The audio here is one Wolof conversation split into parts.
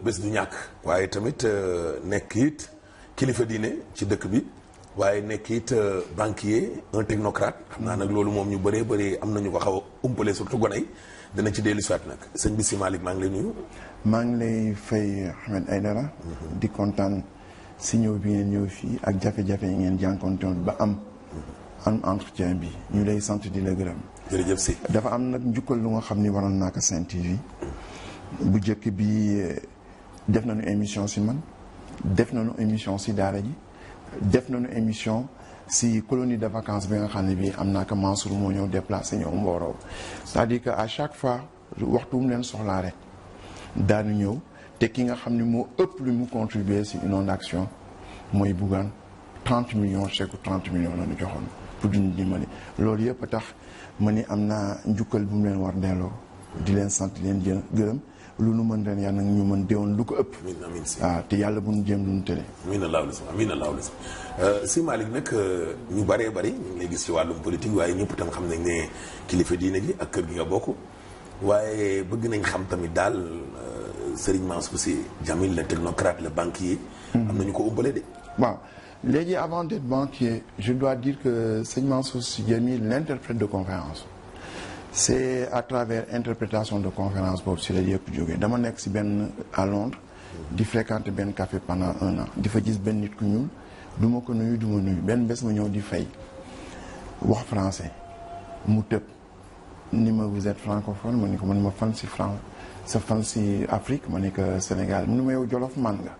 bés du ñàkk waaye tamit euh, nekk it kilifa diine ci dëkk bi waaye nekk it euh, banquier un technocrate xam naa nag loolu moom ñu bëree bëri am nañu ko xaw a umpale surtout gone yi dana ci dellu soit nag sëñ bi si Malick maa ngi lay nuyu maa ngi lay fay ay Aidara mhm. di kontaan si ñëw bi ngeen ñëw fii ak jafe-jafe yi ngeen jànkoontoon ba am mhm. am entretien bi ñu lay sant di la gërëm jërëjëf si dafa am nag njukkal lu nga xam ni waroon naa ko Sen TV mhm. bu jëkk bi def na nañu émission si man def nañu émission si daara ji def nañu émission si colonie de vacances bi nga xam ne bii am naa ko Mansour moo ñëw déplacé ñëw Mboro c'est-à-dire que à chaque fois waxtu mu leen soxlaa rek daanu ñëw te ki nga xam ni moo ëpp lu mu contribuer si inondation mooy Bougane trente million chèque 30 millions la ñu joxoon pour di ñu dimbali loolu yëpp a tax ma ni am naa njukkal bu mu leen war delloo di leen sant leen jë gërëm lu nu mën ren yàlla nag ñu mën deewoon lu ko ëpp. waaw ah, te yàlla bu ñu jéem lu euh, euh, ñu tële. amiin allahu lisam amiin nag ñu bëree bëri ñu ngi lay ci wàllum politique waaye ñëpp itam xam nañ ne kilifa diine gi ak kër gi nga bokk waaye bëgg nañ xam tamit daal euh, Serigne Mansour Sy Djamil le technocrate le banquier. Hmm. am nañu ko umpale de. léegi avant d'être banquier je dois dire que Serigne Mansour Sy Djamil l'interprète de conférence. c'est à travers interprétation de conférence boobu si la yëpp jógee dama nekk si benn à Londres di fréquenter benn café pendant un an di fa gis benn nit ku ñuul du ko nuyu du ma nuyu benn bés ma ñëw di fay wax français mu tëb ni ma vous êtes ni ko ma fan si France sa fan si Afrique ma ne ko Sénégal mu ni ma yow jolof man nga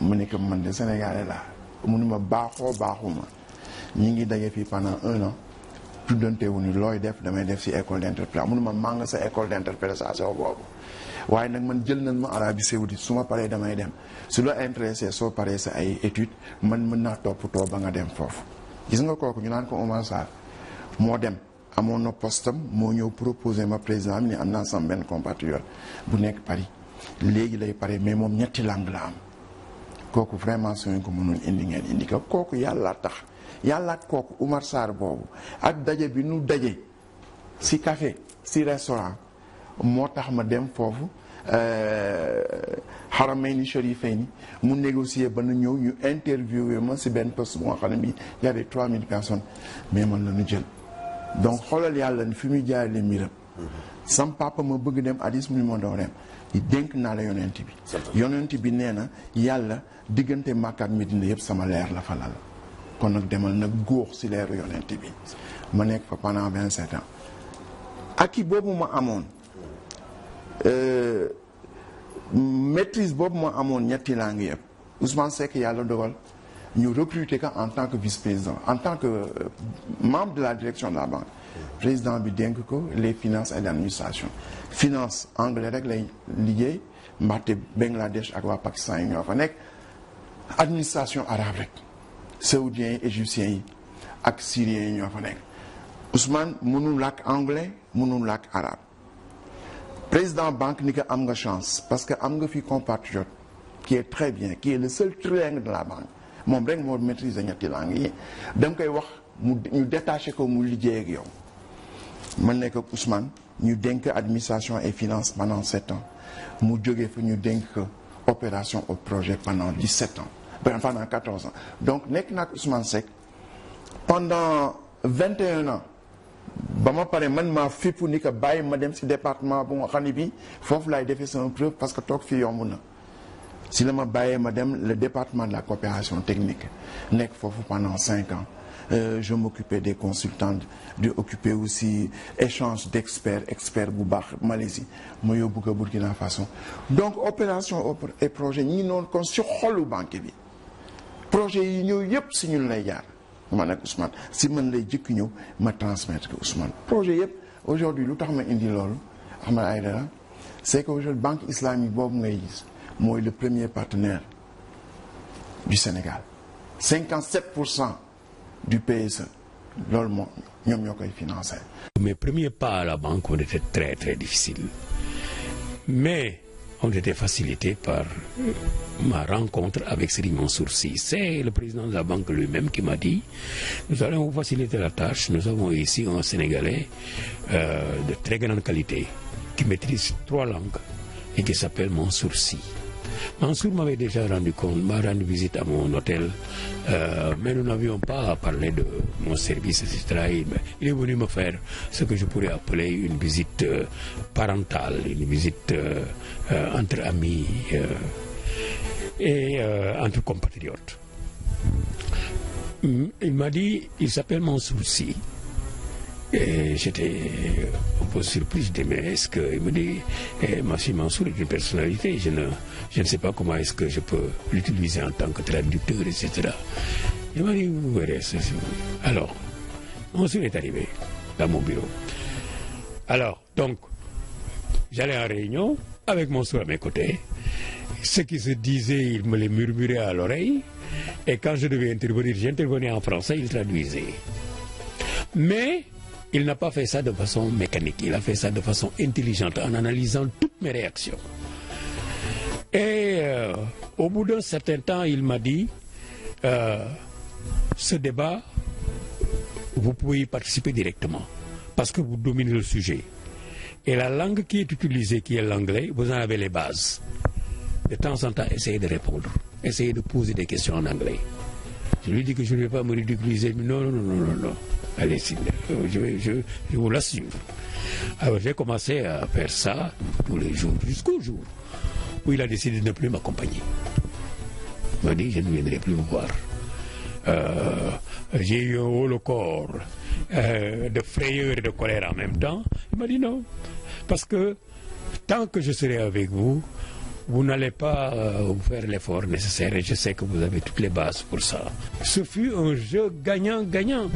ma ne ko man de Sénégalais laa mu ma baaxoo baaxuma ñu ngi daje fii pendant un an tuddante wu ni looy def damay def si école d'interprète munuma maa nga sa école d'interprétation boobu waaye nag man jël nañ ma Arabie Saoudite su ma paree damay dem su la intéressé soo paree sa ay études man mën naa toppatoo ba nga dem foofu. gis nga kooku ñu naan ko Oumar Sarr moo dem amoon na postam moo ñëw proposé ma président ni am naa sama benn compatriote bu nekk Paris léegi lay pare mais moom ñetti langue la am kooku vraiment suñu ko mënoon indi ngeen indi ko kooku yàlla tax. yàllaat kooku Umar Sarr boobu ak daje bi nu daje si café si restaurant moo tax ma dem foofu euh, Haramayni Sharifayni mu négocier ba nu ñëw ñu interviewé ma si benn poste bu nga xam ne bii y avait 3000 personnes mais man la ñu jël donc xoolal yàlla ni fi muy jaarale mbiram. sam papa ma bëgg dem addis mu moo doon dem dénk naa la yonent bi. yonent bi nee na yàlla diggante Makka ak Medina yëpp sama leer la falal kon nag demal nag góor si leeru yonent bi ma nekk fa pendant vingt sept an ak i boobu ma amoon euh, maîtrise boobu ma amoon ñetti langue yëpp Ousmane Seck yàlla dogal ñu recruter ko en tant que vice-président en tant que euh, membre de la direction de la banque président bi dénk ko les finances et finance anglais rek lay liggéey mbaxte Bangladesh ak waa Pakistan yi ñoo fa nekk administration arabe rek saoudiens yi égyptiens yi ak syriens yi ñoo fa nekk Ousmane mënul làkk anglais mënul làkk arabe président banque ni ko am nga chance parce que am nga fi compatriote qui est très bien ki est le seul trilingue de la banque moom rek moo maîtrise ñetti langue yi dam koy wax mu ñu détaché ko mu liggéey ak yow man nekk ak ñu denk dénk administration et finance pendant sept ans mu jógee fa ñu dénk opération au projet pendant dix-sept ans pendant 14 ans donc nekk naa ak Ousmane Seck pendant 21 ans ba ma pare man maa fippu ni que bàyyi ma dem si département bu nga xam ne bi foofu laay defee sama preuve parce que toog fii yomb na si la ma bàyyee ma dem le département de la coopération technique nekk foofu pendant cinq ans Euh, je m'occupais des consultants di occuper aussi échange d'experts experts bu baax Malaisie ma yóbbu ko Burkina Faso donc opération et projet ñi noonu kon si xolu banque bi projet yi ñëw yëpp si ñun lay jaar man ak Ousmane si man lay jëkk ñëw ma transmettre que Ousmane projet yëpp aujourd'hui lu tax ma indi loolu ay Aïdara c'est que aujourd'hui banque islamique boobu ngay gis mooy le premier partenaire du Sénégal 57 pour cent du PSE loolu moo ñoom ñoo koy financer. mes premiers pas à la banque ont été très très difficiles ont été facilités par ma rencontre avec Sri Mansour C'est le président de la banque lui-même qui m'a dit Nous allons vous faciliter la tâche. Nous avons ici un Sénégalais euh, de très grande qualité qui maîtrise trois langues et qui s'appelle Mansour Mansour m'avait déjà rendu compte, m'a rendu visite à mon hôtel, euh, mais nous n'avions pas parlé de mon service, etc. Il est venu me faire ce que je pourrais appeler une visite euh, parentale, une visite euh, euh entre amis euh, et euh, entre compatriotes. Mm, il m'a dit, il s'appelle Mansour Si. Et j'étais un peu surpris, je dis, mais est-ce que... Il me dit, eh, Mansour est une personnalité, je ne je ne sais pas comment est-ce que je peux l'utiliser en tant que traducteur, etc. Je m'a dit, vous verrez. Alors, on s'en est arrivé dans mon bureau. Alors, donc, j'allais en réunion avec mon soeur à mes côtés. Ce qui se disait, il me les murmurait à l'oreille. Et quand je devais intervenir, j'intervenais en français, il traduisait. Mais il n'a pas fait ça de façon mécanique, il a fait ça de façon intelligente, en analysant toutes mes réactions. Et euh, au bout d'un certain temps, il m'a dit, euh, ce débat, vous pouvez y participer directement, parce que vous dominez le sujet. Et la langue qui est utilisée, qui est l'anglais, vous en avez les bases. De temps en temps, essayez de répondre, essayez de poser des questions en anglais. Je lui dis que je ne vais pas me ridiculiser, mais non, non, non, non, non. Allez, euh, je, vais, je, je vous l'assure. Alors j'ai commencé à faire ça tous les jours, jusqu'au jour où il a décidé de ne plus m'accompagner. Il m'a dit, je ne viendrai plus vous voir. Euh, j'ai eu un haut le corps euh, de frayeur et de colère en même temps. Il m'a dit non, parce que tant que je serai avec vous, vous n'allez pas euh, faire l'effort nécessaire et je sais que vous avez toutes les bases pour ça. Ce fut un jeu gagnant-gagnant,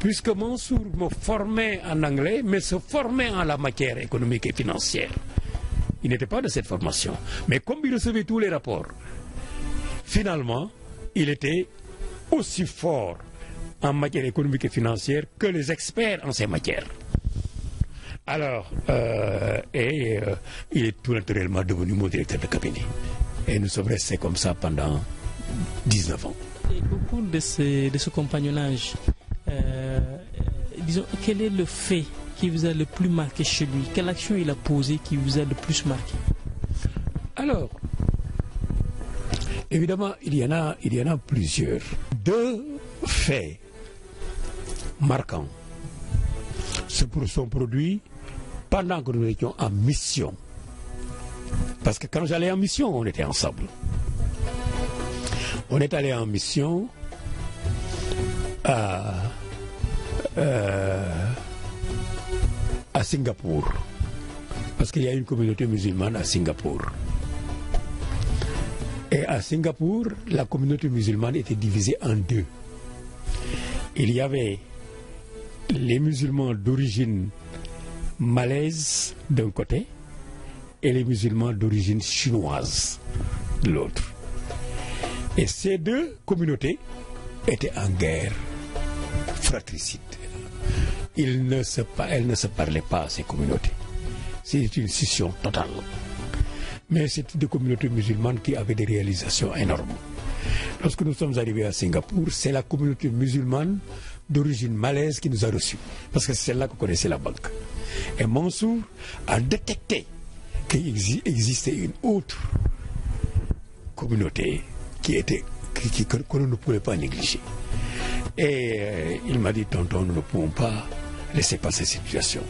puisque Mansour me formait en anglais, mais se formait en la matière économique et financière. il n'était pas de cette formation. Mais comme il recevait tous les rapports, finalement, il était aussi fort en matière économique et financière que les experts en ces matières. Alors, euh, et euh, il est tout naturellement devenu mon directeur de cabinet. Et nous sommes restés comme ça pendant ans. Et au de ce, de euh, quel est le fait qui vous a le plus marqué chez lui Quelle action il a posée qui vous a le plus marqué Alors, évidemment, il y en a, il y en a plusieurs. Deux faits marquants. C'est pour son produit pendant que nous étions en mission. Parce que quand j'allais en mission, on était ensemble. On est allé en mission à... Euh, euh à Singapour. Parce qu'il y a une communauté musulmane à Singapour. Et à Singapour, la communauté musulmane était divisée en deux. Il y avait les musulmans d'origine malaise d'un côté et les musulmans d'origine chinoise de l'autre. Et ces deux communautés étaient en guerre fratricide. il ne se, elles ne se ces communautés. C'est une scission totale. Mais c'était des communautés musulmanes qui avaient des réalisations énormes. Lorsque nous sommes arrivés à Singapour, c'est la communauté musulmane d'origine malaise qui nous a reçus. Parce que c'est là que connaissait la banque. Et Mansour a détecté qu'il existait une autre communauté qui était qui, qui, que, que, nous euh, m'a dit, nous ne pouvons pas laisser passer cette situation.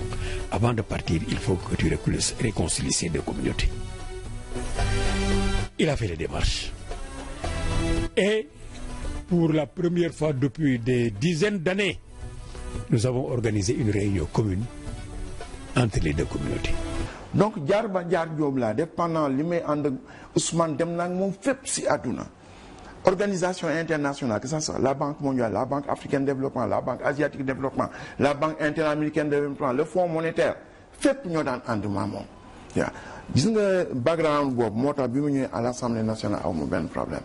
Avant de partir, il faut que tu réconcilies ces deux communautés. Il a fait les démarches. Et pour la première fois depuis des dizaines d'années, nous avons organisé une réunion commune entre les deux communautés. donc jaar ba jaar joom laa def pendant li may ànd ak Ousmane dem naa moom fépp si àdduna organisation internationale que ça soit la Banque mondiale la Banque africaine de développement la Banque asiatique de développement la Banque interaméricaine de développement le Fonds monétaire fépp ñoo daan ànduma moom waaw gis nga background boobu moo tax bi mu ñëwee à l'Assemblée nationale aw mu benn problème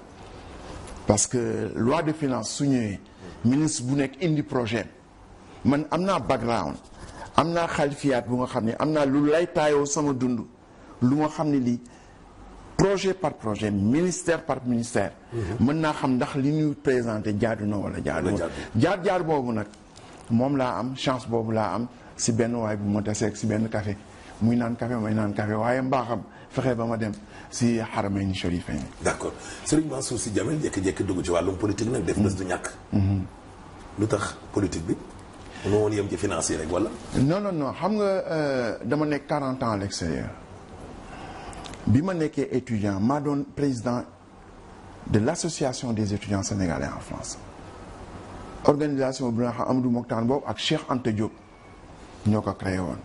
parce que loi de finance su ñëwee ministre bu nekk indi projet man am naa background am naa xalifiyaat bu nga xam ne am naa lu lay taayoo sama dund lu ma xam ne lii projet par projet ministère par ministère. Mhm. mën naa xam ndax li ñuy présenté jaadu na wala jaadu. jaar jaar boobu nag moom laa am chance boobu laa am si benn waay bu ma taseeg si benn café muy naan café may naan café waaye mbaaxam fexe ba ma dem si Haramayni Chérifayni. d'accord Serigne Mansour Sy Djamil jékki-jékki dugg ci wàllum politique nag. def bés du ñàkk. Mhm. lu tax politique bi. mënoo woon yem ci financier rek wala. non non xam nga euh, dama nekk 40 ans à bi ma nekkee étudiant maa doon président de l'association des étudiants sénégalais en France organisation bu nga am du Mokhtar boobu ak Cheikh Anta Diop ñoo ko créé woon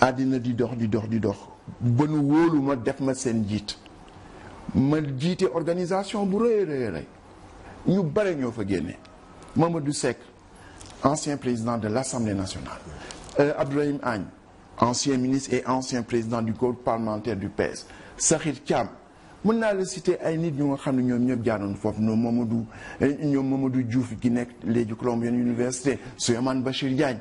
àddina di dox di dox di dox ba nu wóolu def ma seen jiit ma jiite organisation bu rëy rëy rëy ñu bare ñoo fa génne Mamadou Seck ancien président de l'Assemblée nationale euh, Abdourahim Agne ancien ministre et ancien président du groupe parlementaire du PS Sakhir Thiam mën naa la citer ay nit ñu nga xam ne ñoom ñëpp jaanoon foofu ñoom Mamadou ñoom Mamadou Diouf gi nekk léegi Colombienne Université Souleymane Bachir Diagne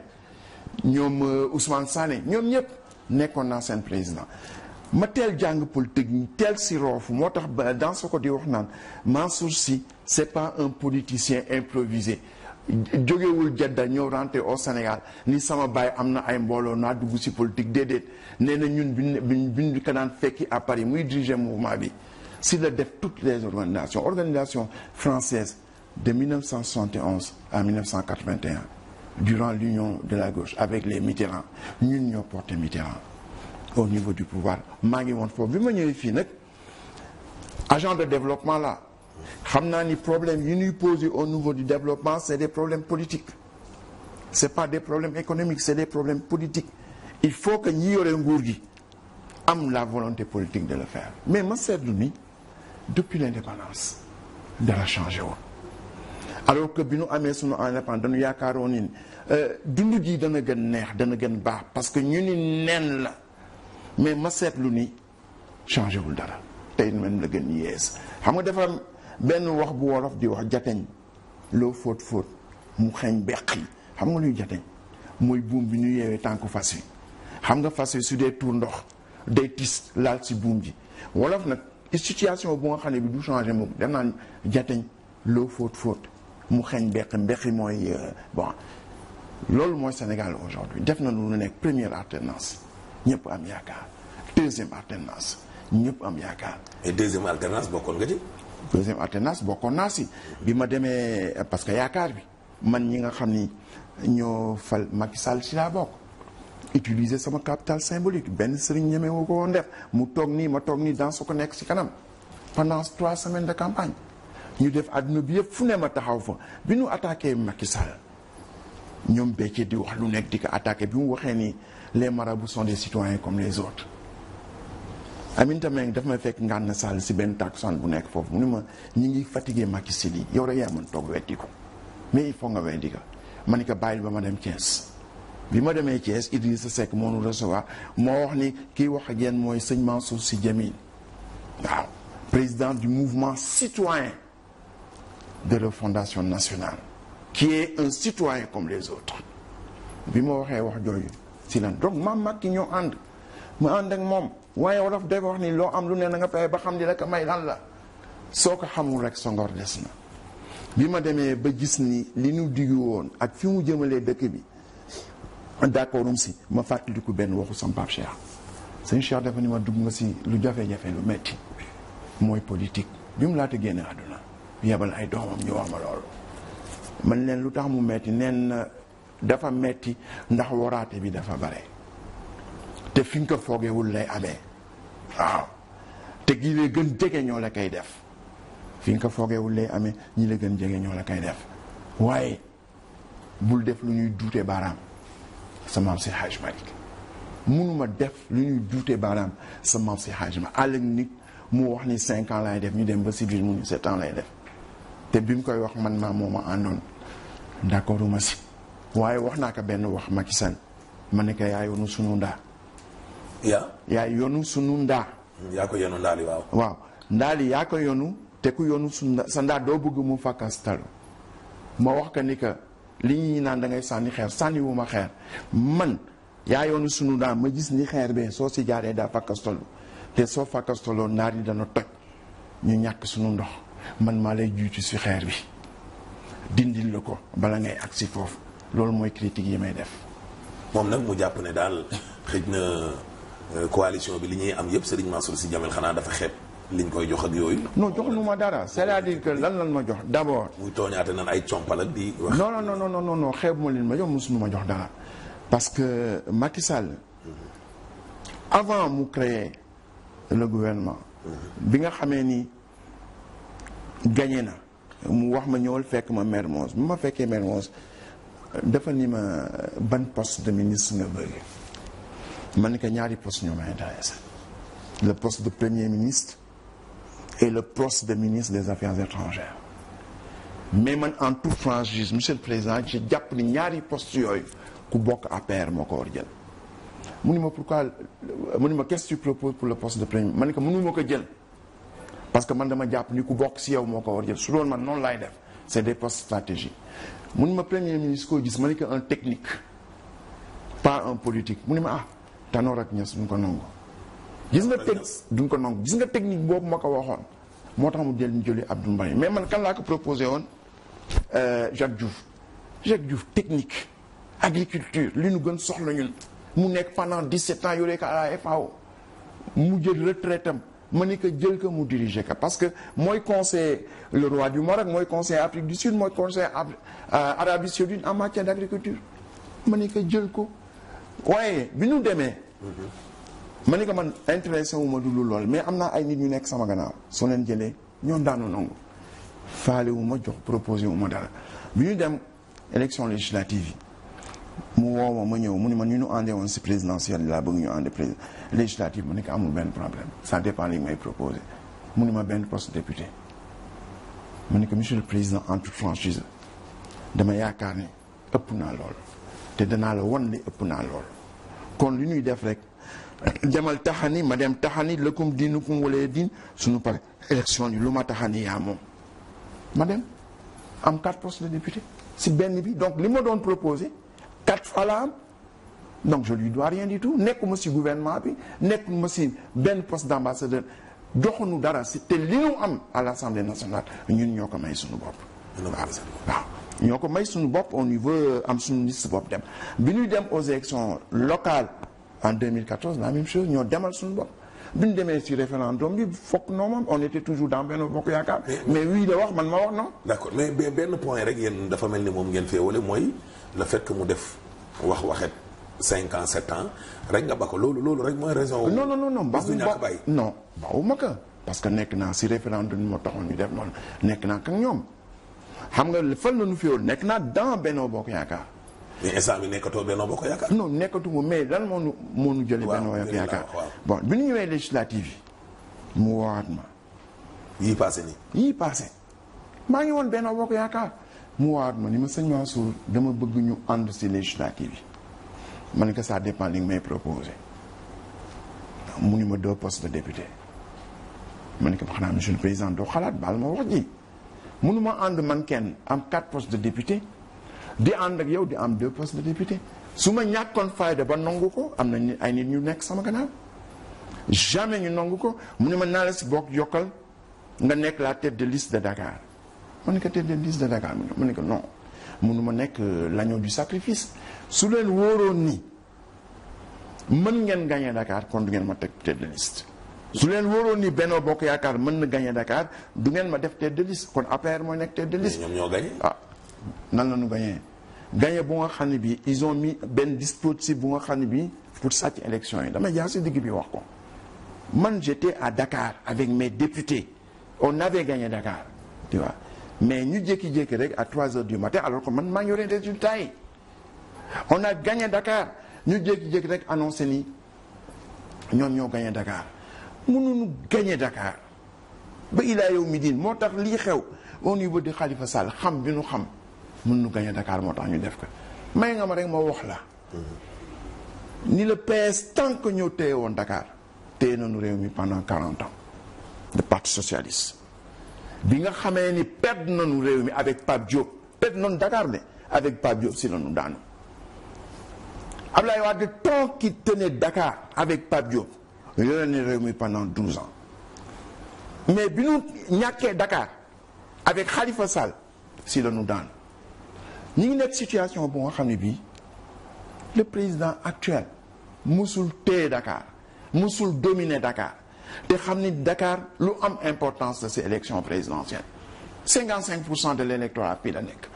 ñoom euh, Ousmane Sané ñoom ñëpp nekkoon naa seen président ma teel jàng politique ñu si roofu moo tax ba dans ce côté wax naan Mansour si c'est pas un politicien improvisé jógewul Jedda ñëw rentré au Sénégal ni sama baay am na ay mbooloo naa duggu si politique déedéet nee na ñun biñ biñ ko daan fekki à Paris muy diriger mouvement bi si la def toutes les organisations organisation française de 1971 à 1981 durant l'union de la gauche avec les Mitterrand ñun ñoo porté Mitterrand au niveau du pouvoir maa ngi woon foofu bi ma ñëwee fii nag agent de développement la xam naa ni problème yi ñuy posé au niveau du développement c'est des problèmes politiques c'est pas des problème économique c'est des problèmes politiques il faut que ñi yore nguur gi am la volonté politique de le faire mais ma seetlu ni depuis l'indépendance dara changé woon alors que bi ñu amee sunu indépendance dañu yaakaaroon ni euh, dund gi dana gën neex dana gën baax parce que ñu ni neen la mais ma seetlu ni changé wul dara tey même la gën yees xam nga dafa benn wax bu wolof di wax jateñ loo fóot fóot mu xeeñ beq yi xam nga luy jateñ mooy buum bi ñu yeewee tànku fas wi xam nga fas wi su dee tuur ndox day tis laal si buum ji wolof nag situation bu nga xam ne bi du changé moom def jateñ loo fóot fóot mu xeeñ beq mbeq yi mooy euh, bon loolu mooy Sénégal aujourd'hui def na lu nekk première alternance ñëpp am yaakaar deuxième alternance ñëpp am yaakaar. et deuxième alternance bokkoon nga ci. deuxième alternance bokkoon naa si bi ma demee eh, parce que yaakaar bi man ñi nga xam ni ñoo fal Macky Sall si laa bokk utiliser sama capital symbolique benn sëriñ ñeme woo ko woon def mu toog nii ma toog nii dans su ko nekk si kanam pendant trois semaines de campagne ñu def àdduna bi yëpp fu ne ma taxaw fa bi ñu attaqué Macky Sall ñoom béccee di wax lu nekk di ko bi mu waxee ni les marabouts sont des citoyens comme les autres Aminata Mbengue daf may fekk ngànn sall si benn takkusaan bu nekk foofu mu ne ma ñi ngi fatigué Macky Sall yi yow rek yaa mën toog weddi ko mais il faut nga weddi ko ma ne ko bàyyil ba ma dem Thiès bi ma demee Thiès Idrissa Seck moo nu recevoir moo wax ni kii wax a yéen mooy sëñ Mansour Sy Djamil waaw président du mouvement citoyen de la Fondation nationale qui est un citoyen comme les autres bi ma waxee wax jooju si lan donc maam Macky ñoo ànd ma ànd ak moom waaye wolof day wax ni loo am lu ne na nga fexe ba xam ni la ko may lan la soo ko xamul rek sa ngor des na bi ma demee ba gis ni li nu diggu woon ak fi mu jëmalee dëkk bi d'accordum si ma fàttaliku benn waxu sama Pape Cheikh sëñ Cheikh dafa ni ma dugg nga si lu jafe-jafe lu metti mooy politique bi mu laata génne àdduna yebal ay doomam ñu wax ma loolu man leen lu tax mu metti neen dafa metti ndax waraate bi dafa bare te fi nga ko foogewul lay ame waaw te gii la gën jege ñoo la koy def fi nga ko foogewul lay ame ñi la gën jege ñoo la koy def waaye bul def lu ñuy duute baaraam sa maam si Hajj Malik munuma def lu ñuy duute baaraam sa maam si Hajj Malik nit mu wax ni cinq ans lay def ñu dem ba si biir mu ni sept ans lay def te bi mu koy wax man maa moo ma àndoon d'accorduma si waaye wax naa ko benn wax Macky Sall ma ne ko yaay woonu sunu ndaa yaa yaa yonu sunu ndaa yaa ko yonu ndaali waaw waaw ndaali yaa ko yonu te ku yonu sunu sa ndaa doo bëgg mu fàkkastalu ma wax ka ni que li ñuy naan da ngay sànni xeer sànni xeer man yaa yoonu sunu ndaa ma gis ni xeer bee soo si jaaree daa te soo ndaar yi dana toj ñu ñàkk sunu ndox man maa lay juutu si xeer bi dindil la ko bala ngay ak si foofu loolu mooy critique yi may def moom nag mu jàpp ne daal xëj na Euh, coalition bi li ñuy am yëpp Serigne Mansour si Djamil xanaa dafa xeeb liñ koy jox ak yooyu. non nu ma dara c'est-à-dire que lan lan ma jox d'abord. muy tooñaate nan ay compal di. wax non non non non non xeeb ma leen ma jox mosuñu ma jox dara parce que Macky mhm. avant mu créer le gouvernement. Mhm. bi nga xamee ni gagné na. mu wax ma ñëwal fekk ma Mermoz bu ma fekkee Mermoz dafa ni ma ban poste de ministre nga bëgg. man que ñaari post ñoo ma le poste de premier ministre et le poste de ministre des affaires étrangères mais man en toute franchise monsieur le président ci jàpp ni ñaari post yooyu ku bokk APR moo ko war jël mu ni ma pourquoi mu ni ma qu'est-ce pour le poste de premier man que mënu moo ko jël parce que man dama jàpp ni ku bokk si yow moo ko war jël su doon man noonu laay def c'est des post stratégiques mu ma premier ministre koo gis ma ni que un technique pas un politique mu ni ma ah Tanor ak Niass duñ ko nangu. gis nga teg duñ ko nangu gis nga technique boobu ma ko waxoon moo tax mu jël ñu ab Abdou Mbaye mais man kan laa ko proposé woon euh, Jacques jouf Jacques jouf technique agriculture li nu gën soxla ñun mu nekk pendant 17 ans yoree ko à la FAO mu jël retraite am ma ni que jël ko mu diriger ka parce que mooy conseiller le roi du Maroc mooy conseiller Afrique du Sud mooy conseiller euh, Arabie Saoudite en matière d' agriculture ma ni que jël ko. waaye bi ñu demee. ma ni ko man intéressé wu ma dul lool mais am naa ay nit ñu nekk sama gannaaw soo leen jëlee ñoom daanu nangu faale wu ma jox proposé wu ma dara bi ñu dem élection législative yi. mu woow ma mu ñëw mu ne man ñu ñu àndee woon si présidentielle laa bëgg ñu ànd président législative ma ni ko amu benn problème ça dépend li may proposé mu ne ma benn poste député ma ne ko monsieur le président entre toute franchise dama yaakaar ni ëpp naa lool te danaa la wan ëpp naa lool kon li ñuy def rek demal taxani ma dem taxani lëkkum diinukum wala diin suñu pare élection yi lu ma taxani yaa moom ma am quatre postes de député si benn bi donc li ma doon proposé quatre fois la am donc je lui dois rien du tout nekkuma si gouvernement bi nekkuma si benn poste d' ambassadeur joxuñu dara si te li ñu am à l' assemblée nationale ñun ñoo ko may suñu bopp ñoo ko may suñu bopp au niveau am suñu liste bopp dem bi ñuy dem aux élections locales en 2014 la même chose ñoo demal suñu bopp bi ñu demee si référendum bi fokk non moom on était toujours dans benn Bokk Yaakaar. mais wii la wax man ma wax non. d'accord mais benn point rek yéen dafa mel ni moom ngeen féewale mooy le fait que mu def wax waxet cinq ans sept ans rek nga ba ko loolu loolu rek mooy raison. non non non baaxul ba non baaxuma ka parce que nekk naa ci référendum moo taxoon ñu def noonu nekk naa ak ñoom. xam nga fan la ñu fi nekk naa dans Benno Bokk Yaakaar. mais instant bi nekkatoo Yaakaar. lan moo nu moo nu bi ñu ñëwee mu woowaat ma. yii passé maa ngi woon Benno Bokk Yaakaar mu woowaat ma ni ma sëñ Mansour dama bëgg ñu ànd si législative yi ma ne ko ça dépend li nga may proposé mu ni ma deux postes de député ma ne ko xanaa monsieur président doo xalaat baal ma wax ji. mënuma ànd man kenn am quatre postes de député di ànd ak yow di am deux postes de député su ma ñàkkoon fayda ba nangu ko am na ay nit ñu nekk sama gannaaw jamais ñu nangu ko mu ne ma naa la si bokk yokkal nga nekk la tête de liste de Dakar ma ne ko tête de liste de Dakar ma ne ko non ma nekk euh, l'agneau di sacrifice su leen wóoroon ni mën ngeen gagné Dakar kon du ngeen ma teg tête de liste su leen waroon ni Benno Bokk Yaakaar mën na gagné Dakar du ngeen ma def tête de liste kon APR mooy nekk tête de liste. ñoom ñoo gagné ah nan la ñu gagné. gagné bu nga xam ne bi ils ont mis benn dispositif bu nga xam ne bi pour sàcc élection yi damay jaar si digg bi wax ko man j'étais à Dakar avec mes députés on avait gagné Dakar tu vois mais ñu jékki-jékki rek à trois heures du matin alors que man maa ngi yore résultat yi on a gagné Dakar ñu jékki-jékki rek annoncé ni ñoom ñoo gagné Dakar. mënuñu gagné dakaar ba ilaa yow mi diin moo tax lii xew au niveau de Khalifa Sall xam bi nu xam mënuñu gagné Dakar moo tax ñu def ko may nga ma rek ma wax la. ni le PS tànk que ñoo téye woon dakaar téye noonu réew mi pendant quarante ans de parti socialiste bi nga xamee ni perte nañu réew mi avec Pape Diop perte nañu Dakar ne avec Pape Diop si lañu daanu Ablaye Wade tant qu'il tenait Dakar avec Pape Diop. yore nañu réew mi pendant douze ans mais bi ñu ñàkkee dakaar avec Khalifa Sall si la ñu daan ñu ngi nekk situation bu nga xam ne bii le président actuel musul téye Dakar musul dominer Dakar te xam ni Dakar lu am importance de ces élections présidentielles cinq pour cent de l' électorat bi la nekk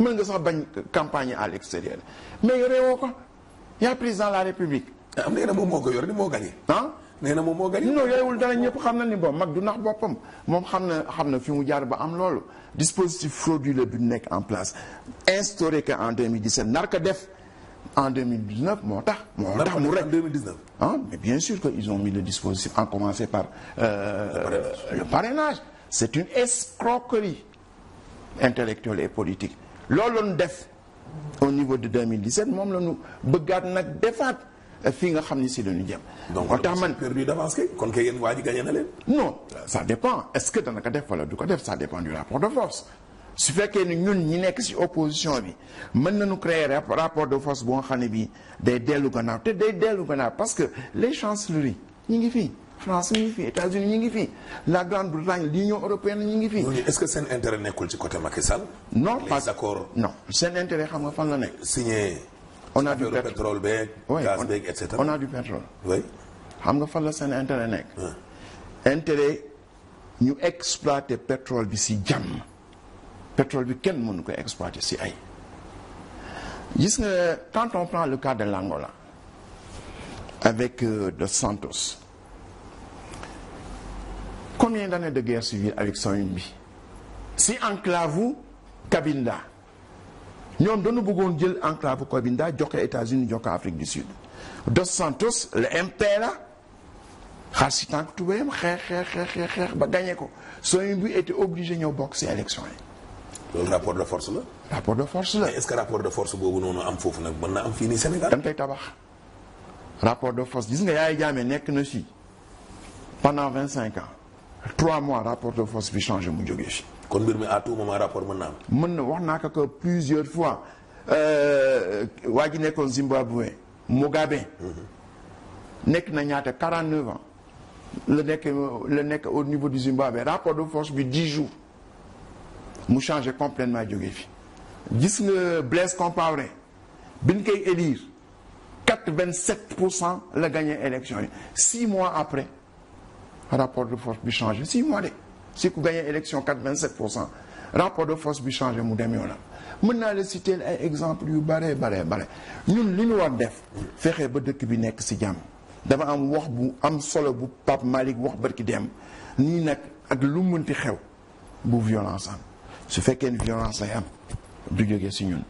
mën nga sax bañ campagne à l' mais yorewoo ko yaa président la République am ah, nee moo ko yor ni moo gagné. ah nee na moom moo gagné. yorewul dara ñëpp xam na ni bon mag du nax boppam moom xam na xam na fi mu jaar ba am loolu dispositif frauduleux bi nekk en place instauré que en 2017 nar ko def en 2019 moo tax. moo tax mu rek en 2019. ah mais bien sûr que ils ont mis le dispositif en commencé par. Euh, le parrainage c'est une escroquerie intellectuelle et politique loolu la ñu def au niveau de moom la ñu bëggaat nag defaat. fii nga xam ni si lañu jëm. donc tax man perdu d'avance kay kon kay yéen waa ji gagné na leen. est dana ko def wala du ko def ça dépend du fekkee ni ñun ñi nekk si opposition bi mën na nañu créer rapport de force bu nga xam ne bi day dellu gannaaw te day dellu gannaaw parce que les chancelleries ñi ngi fii. France ñu ngi fi États-Unis ñu ngi fi la Grande-Bretagne l'Union européenne ñu ngi fi. est-ce que seen intérêt nekkul ci côté Macky Sall. non pas d'accord non seen intérêt xam nga fan la nekk. signé on a du pétrole beeg. on a du pétrole. xam nga fan la seen intérêt nekk. intérêt ñu exploiter pétrole bi si jàmm pétrole bi kenn mënu ko exploiter si ay. gis nga quand on prend le cas de la avec euh, Dos Santos combien d'années de guerre civile avec Savimbi si enclave u Cabinda. ñoom dañu bëggoon jël enclave Cabinda jox ko États-Unis jox ko Afrique du Sud Dos Santos le impera xaar si tànk tubéyam xeex xeex xeex xeex ba gañee ko sooy bu été obligé ñëw bokk si élection yi. loolu rapport de force la. rapport de force la est-ce que rapport de force boobu noonu am foofu nag mën na am fii nii Sénégal. dañ koy rapport de force gis nga yaay jaamee nekk na si pendant vingt cinq ans trois mois rapport de force bi changé mu jógee fi. kon biir mi à tout moment rapport mën na am. mën na wax naa ko que plusieurs fois euh, waa ji nekkoon Zimbabwe Mugabe. Mhm. nekk na ñaata 49 ans. la nekk la nekk au niveau du Zimbabwe rapport de force bi 10 jours mu changé complètement jóge fi gis nga Blaise Compaoré bi ñu koy élire 87 pour cent la gagne élection yi 6 mois après rapport de force bi changé 6 mois de. si ku gagné élection 87 pour cent rapport de force bi changé mu dem yoonam mën naa la citer ay exemple yu bare bare bare ñun li ñu wax def fexe ba dëkk bi nekk si jàmm dafa am wax bu am solo bu Pape Malick wax barki dem nii nag ak lu mënti xew bu violence am su fekkee ne violence ay am du jógee si ñun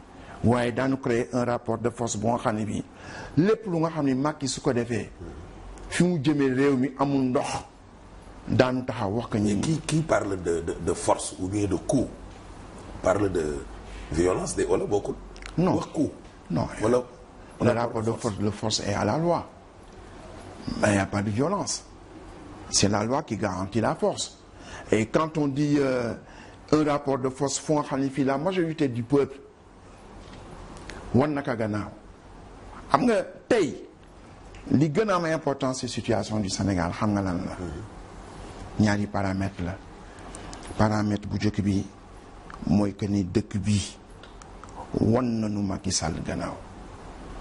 waaye daanu créer un rapport de force bu nga xam ne bii lépp lu nga xam ne Macky su ko defee fi mu jëmee réew mi amul ndox daan taxaw wax ko ñi qui qui parle de de de force ou bien de coup parle de violence de wala bokkul. non wax coup. non wala le rapport de force de force est à la loi. il n'y a pas de violence. c'est la loi qui garantit la force. et quand on dit euh, un rapport de force foo xam ne fii la majorité du peuple wan naka gannaaw xam nga tey li gën a am importance ci situation du Sénégal xam nga lan la. Mm-hmm. ñaari paramètre la paramètre bu jëkk bi mooy que ni dëkk bi won nañu Macky sàll gannaaw.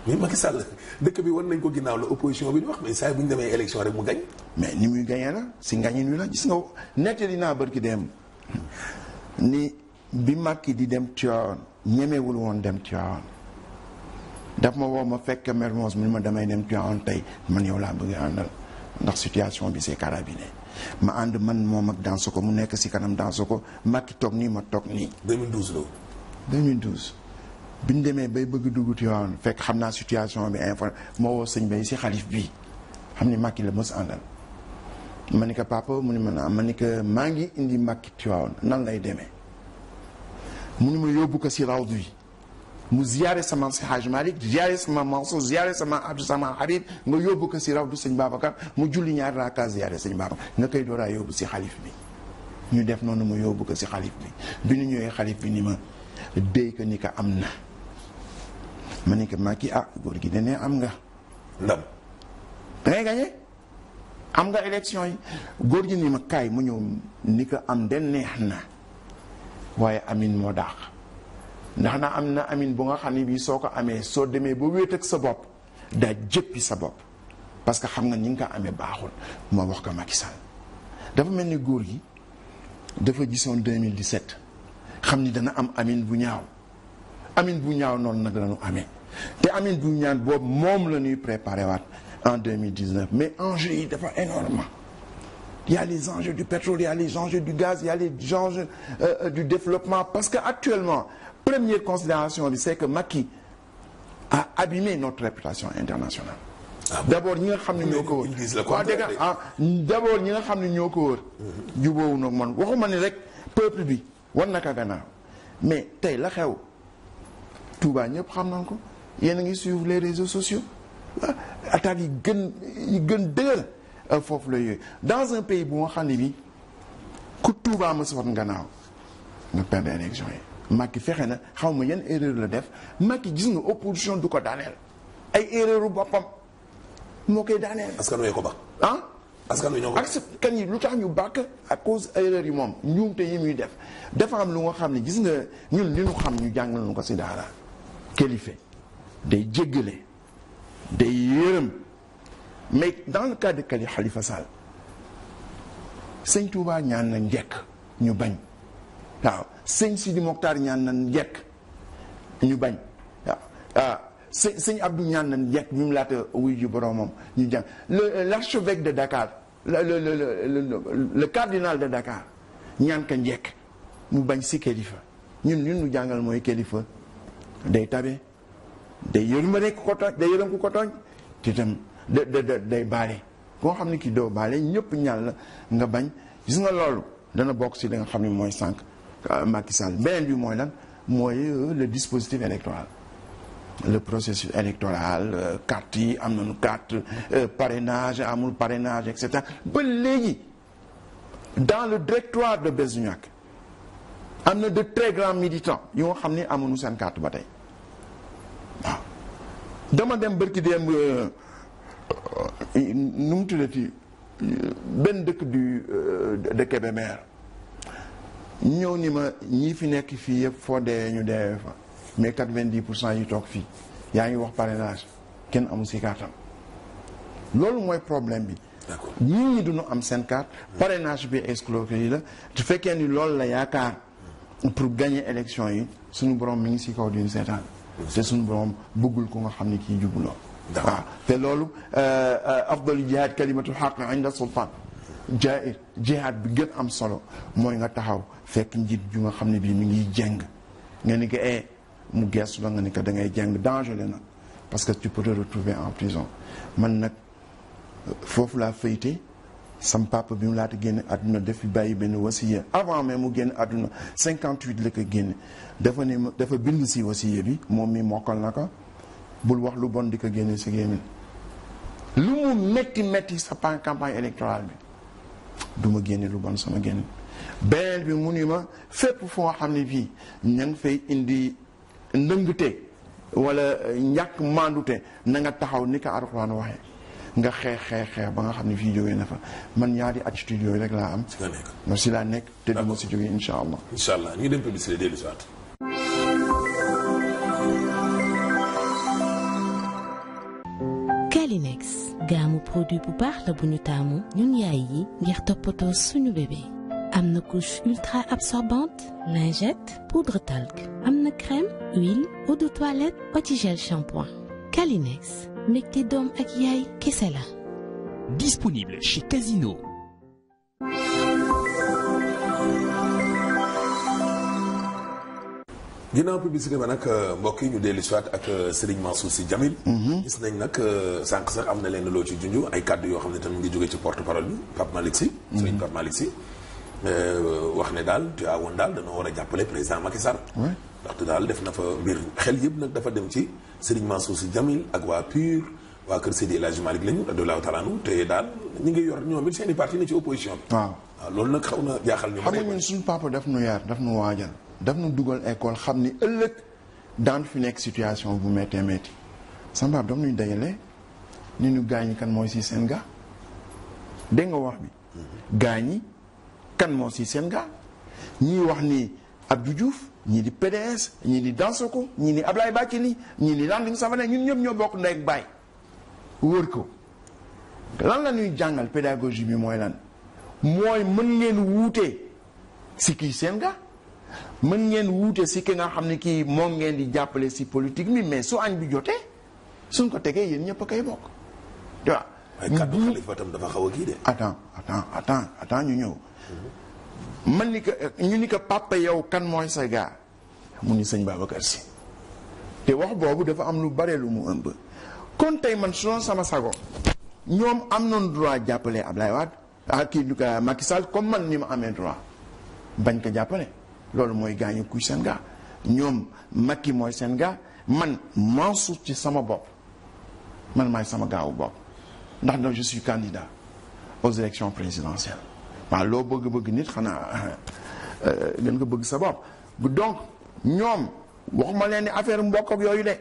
mais Macky sàll dëkk bi won nañ ko ginnaaw la opposition bi di wax mais saa bu ñu demee élection rek mu gañ. mais ni muy gañee na si ngañin wi la gis nga nettali naa bërki dem ni bi ki di dem Tivaouane ñemewul woon dem Tivaouane daf ma woo ma fekk Mermoz mu ni ma damay dem Tivaouane tey man yow laa bëgg àndal ndax situation bi c'est carabiné. ma ànd man moom ak danse ko mu nekk si kanam danse ko Macky toog nii ma toog nii. 2012 la woon. 2012 ñu demee bay bëgg dugg Tivaouane fekk xam naa situation bi informé moo woo sëñ bay si xalif bii xam ni Macky la mës àndal. ma ni ko papa mu ni ma naa ma ni ko maa ngi indi Macky Tivaouane nan lay demee mu ni ma yóbbu ko si rawdu yi. mu ziyaare sama si Hajj Malick ziyaare sama Mansour ziyaare sama Abdou sama Habib nga yóbbu ko si raw rawdu sëñ Babacar mu julli ñaari raaka ziyaare sëñ Babacar nga koy dooraa yóbbu si xalif bi ñu def noonu mu yóbbu ko si xalif bi bi ñu ñëwee xalif bi ni ma déy ko ni ko am na ma ne ko maa kii ah góor gi dane am nga nga élection yi góor gi ni ma kaay mu ñëw ni ko am den neex waaye amin moo daax ndax na am na amin bu nga xam ni bii soo ko amee soo demee ba wéet ak sa bopp daa jëppi sa bopp parce que xam nga ni nga ko amee baaxul moo wax ko Macky Sall dafa mel ni góor gi dafa gisoon 2017 xam ni dana am amin bu ñaaw amin bu ñaaw noonu nag lañu amee te amin bu ñaan boobu moom la ñuy préparé waat en 2019 mais enjeux yi dafa énorme il y a les enjeux du pétrole il y a les enjeux du gaz il y les enjeux euh, euh, du développement parce que actuellement première considération bi c'est que Macky a abîmé notre réputation internationale. Ah bon. d' abord ñi nga xam ne ñoo ko wër waaw dégg nga ah, ñi nga xam ne ñoo ko wër. Mm-hmm. jubóowu na man waxuma ne rek peuple bi war naka gannaaw mais tey la xew Touba ñëpp xam nañ ko yéen a ngi suivre les réseaux sociaux ah, attaques yi gën yi gën dëgër euh, foofu la yooyu dans un pays bu nga xam ne bi ku Touba ma si war gannaaw nga perdre élection yi. Macky fexe na xaw ma yan erreur la def Macky gis nga opposition du ko daaneel ay erreur boppam moo koy daaneel. askan wi ko ba. ah askan wi ñoo ko. ak kan yi lu tax ñu bàkk à cause erreur yi moom te yi muy def dafa am lu nga xam ne gis nga ñu li ñu xam ñu jàngal ñu ko si daara kilifa day jéggale day yërëm mais dans le cas de Khalifa Sall sëñ ñaan na njëkk ñu bañ. waaw sëñ Sidi Mokhtar ñaan nan njekk ñu bañ waaw ah, sëñ sëñ Abdou ñaan nan njekk ñu mu laata wuy ji boromam ñu jàng le l'archevêque de Dakar le le le le cardinal de Dakar ñaan ka njekk mu bañ si kilifa ñun ñu ñu jàngal mooy kilifa day tabe day yërmande ku ko tooñ day yërëm ku ko tooñ te itam day baale koo xam ne kii doo baale ñëpp ñaan la nga bañ gis nga loolu dana bokk si li xam ne mooy sànq. Euh, Macky Sall beneen bi mooy lan mooy euh, le dispositif électoral le processus électoral euh, carte yi am nañu carte parrainage amul parrainage et cetera ba léegi dans le directoire de Besugnac am na de très grands militants yoo xam ne amuñu seen carte ba tey waaw dama dem bërki dem nu mu tuddati benn dëkk du de Kébémer ñëw ni ma ñii fi nekk fii yëpp foo deewee ñu deewee fa mais quatre vingt pour cent yi toog fii yaa ngi wax parrainage kenn amul si kàttam loolu mooy problème bi. d'accord nit ñi am seen carte. parrainage bi escroquerie la su fekkee ni loolu la yaakaar pour gagner élection yi suñu borom mi ngi si kaw duñu seetaan. te suñu borom bëggul ko nga xam ni kii jubuloo. waaw te loolu euh, euh, afdalu jihaad kalimatu xaq inda sultaan jaay jihaad bi gën am solo mooy nga taxaw fekk njiit ju nga xam ne bii mi ngi jàng nga ni ko eh mu gees la nga ni ko da ngay jeng dangereux na parce que tu peux te retrouver en prison man nag foofu laa fayte sam papa bi mu laata génn àdduna def fi bàyyi benn wasiya avant même mu génn àdduna 58 la ko génne dafa ne dafa bind si wasiya bi moom mi mokkal na ko bul wax lu bon di ko génne si gémmiñ lu mu métti métti sa pan campagne électorale bi duma génne lu bon sama génn beneen bi mu ni ma fépp foo xam ne fii ña ngi fay indi ndëngte wala ñàkk mandute na nga taxaw ni ko alxuraan waxee nga xeex xeex xeex ba nga xam ne fii jógee na fa man ñaari attitude yooyu rek laa am. si nekk ma si laa nekk te du ma si jógee incha allah. incha allah ñu dem publicité dellu si waat Kleenex gaamu produit bu baax la bu ñu taamu ñun yaay yi ngir toppatoo am na couche ultra absorbante lingette poudre talc am na crème huile eau de toilette eau de gel shampoing Kleenex mbégte doom ak yaay kese disponible chez Casino ginnaaw publicité ba nag euh, mbokk yi ñu dellu si waat ak euh, Serigne Mansour Sy Djamil. Mhm. gis nañ nag euh, sànq sax am na lenn loo ci junj ay kàddu yoo xam ne tamit mu ngi jógee ci porte parole bi Pape Malick Sy. Mhm. Serigne Pape Malick wax ne daal tu as woon daal danoo war a jàppale président Macky Sall. ndaxte daal def na fa mbir xel yëpp nag dafa dem ci Serigne Mansour Sy Djamil ak waa PUR waa Kër Seydi El Hadji Malick lañu radiyallahu taala te daal ñu ngi yor ñoo it seen i parti ci opposition bi. waaw waaw loolu nag xaw na jaaxal ñu. xam nga ñun suñu papa daf nu yar daf nu waajal. daf nu dugal ecole xam ni ëllëg daan fi nekk situation bu mettee métti sama papa daf nuy dajale ni ñu gaañ kan mooy si seen gaa dégg nga wax bi. Mm-hmm. gaañi kan moo si seen gaa ñii wax ni Abdou Diouf ñii di PDS ñii di Dansoko ñii di Ablaye Bathily ñii di Landing Savané ñun ñëpp ñoo bokk ndey ak baay wër ko lan la ñuy jàngal pédagogie bi mooy lan. mooy mën ngeen wuute si kii seen ga mën ngeen wuute si ki nga xam ne kii moom ngeen di jàppale si politique bi mais su añ bi jotee suñ ko tegee yéen ñëpp a koy bokk tu vois. waaye kàddu xalifa dafa xaw a kii de. attends attends attends attends ñu ñëw. man ni ko ñu ni ko papa yow kan mooy sa gaa sëñ Babacar Si te wax boobu dafa am lu bare lu mu ëmb kon tey man su doon sama sago ñoom am noonu droit jàppale Ablaye Wade ah kii du ka Macky Sall comme man ni ma amee droit bañ ko jàppale loolu mooy gaañu kuy seen gaa ñoom Macky mooy seen gaa man suuf ci sama bopp man maay sama gaawu bopp ndax ndax je suis candidat aux élections présidentielles waaw loo bëgg-bëgg nit xanaa euh, gën ko bëgg sa bopp donc ñoom waxuma leen ni affaire mbokk ak yooyu de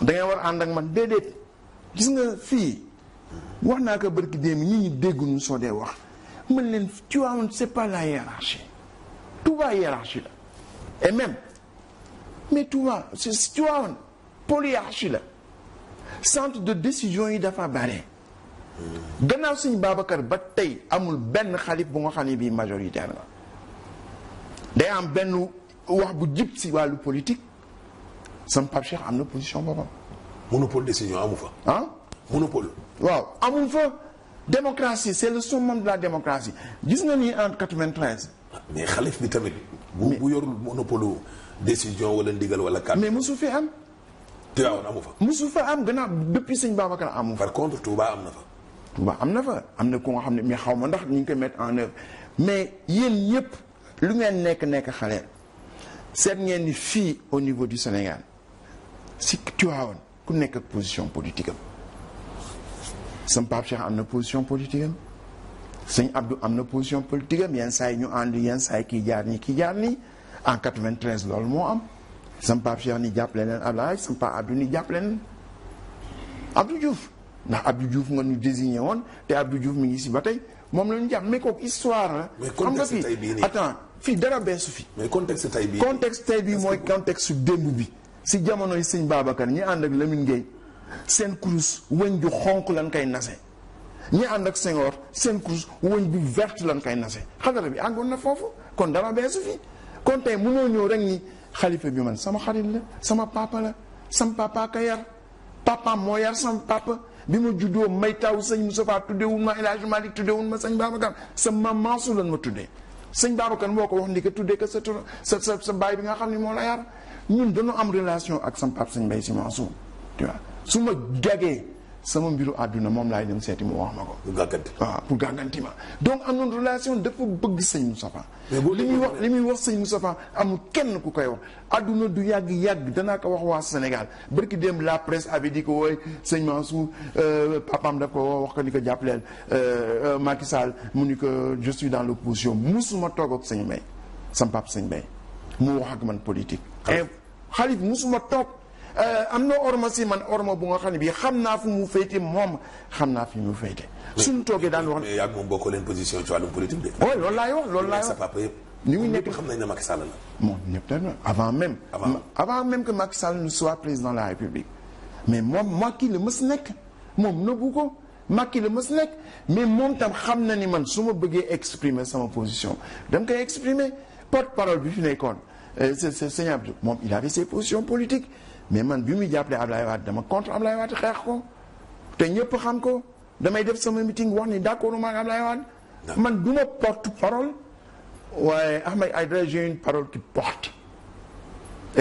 da ngay war ànd ak man déedéet gis nga fii wax naa ko barki démb ñi ñu dégguñu soo dee wax mën leen Tivaouane c'est pas la hiérarchie Touba hiérarchie la et même mais Touba c'est Tivaouane polyarchie la centre de décision yi dafa bare gannaaw suñu Babacar ba tey amul benn xalif bu nga xam ne bii majoritaire la day am benn wax bu jib si wàllu politique sam Pape am na position boppam monopole décision amu fa ah? monopole. waaw amul fa démocratie c'est le summum de la démocratie gis nga ni en 93. mais xalif bi tamit. bu bu yorul monopole décision wala ndigal wala kàddu. mais mosu fi am. Tiwaawan amu fa. mosu fa am gannaaw depuis sëñ Babacar amu par contre Touba am na fa. Touba am na fa am na ko nga xam ne mais xaw ma ndax ñu ngi koy mettre en œuvre mais yéen ñëpp lu ngeen nekk nekk xale. seet ngeen ni fii au niveau du Sénégal si Tiwaawan ku nekk ak position sama Pape am na position politique am sëñ Abdou am na position politique am yenn saa ñu ànd yenn saay yi kii jaar nii kii jaar nii en 93 loolu moo am sama Pape ni jàppale leen Abdoulaye sama Pape Abdou ni jàppale leen Abdou Diouf ndax Abdou Diouf nga ñu désigné woon te Abdou Diouf mi ngi si ba tey moom la ñu jàpp mais kooku histoire la. xam nga fii attends fii dara beesu fi. mais contexte tey bii contexte tey bii démb bi si jamono jamonoy sëñ Babacar ñi ànd ak Lamine Gueye seen kurus wëñ ju xonq lan koy nase ñi ànd ak Senghor seen kurus wëñ bu verte lan koy nase xadara bi àngoon na foofu kon dara beesu fi kon tey mënoo ñëw rek ni xalifa bi man sama xarit la sama papa la sama papa ka yar papaam moo yar sama papa bi ma juddoo may taw sëñ Moustapha tuddewul ma El Hadj Malick tuddewul ma sëñ Babacar sama maasu lan ma tuddee sëñ Babacar moo ko wax ni que tuddee que sa sa sa sa baay bi nga xam ne moo la yar ñun dañoo am relation ak sama papa sëñ Mbaye su ma jagee sama mbiru àdduna moom laay dem seeti mu wax ma ko. pour gàgganti waaw ah, pour gàgganti ma donc am na relation dafa bëgg sëñ Moustapha. li muy wax li muy wax sëñ Moustapha amul kenn ku koy wax. àdduna du yàgg yàgg danaa ko wax waa Sénégal barki démb la presse avait dit que wooy sëñ Mansour euh, papaam daf ko wax ko ni ko jàppaleel euh, euh, Macky Sall mu ni que je suis dans l'opposition musuma toog ak sëñ Mbaye. sam pap mu wax ak man politique. xalif eh, musuma toog. Euh, am na orma si man orma bu nga xam ne bii xam naa fu mu féete moom xam naa fi mu féete. suñu toogee daan wax. mais yaa ngi moom bokkoo leen position ci wàllum politique de. oui loolu laay wax loolu laay wax sa papa yëpp. ni mu ñëpp xam nañ ne Macky Sall la. moom ñëpp daal avant même. avant avant même que Macky Sall ne soit président de la République. mais moom Macky la mës nekk moom nëbbu ko Macky la mës nekk mais moom tam xam na ni man su ma bëggee exprimer sama position dama koy exprimer porte parole bi fi nekkoon euh, c'est c'est Serigne Abdou moom il avait ses positions politiques. mais man bi muy jàppale Ablaye Wade dama contre Ablaye waat xeex ko te ñëpp xam ko damay def sama meeting wax ni d'accord ma ak Ablaye Wade man du ma porte parole waaye Ahmed Aïdara j'ai une parole qui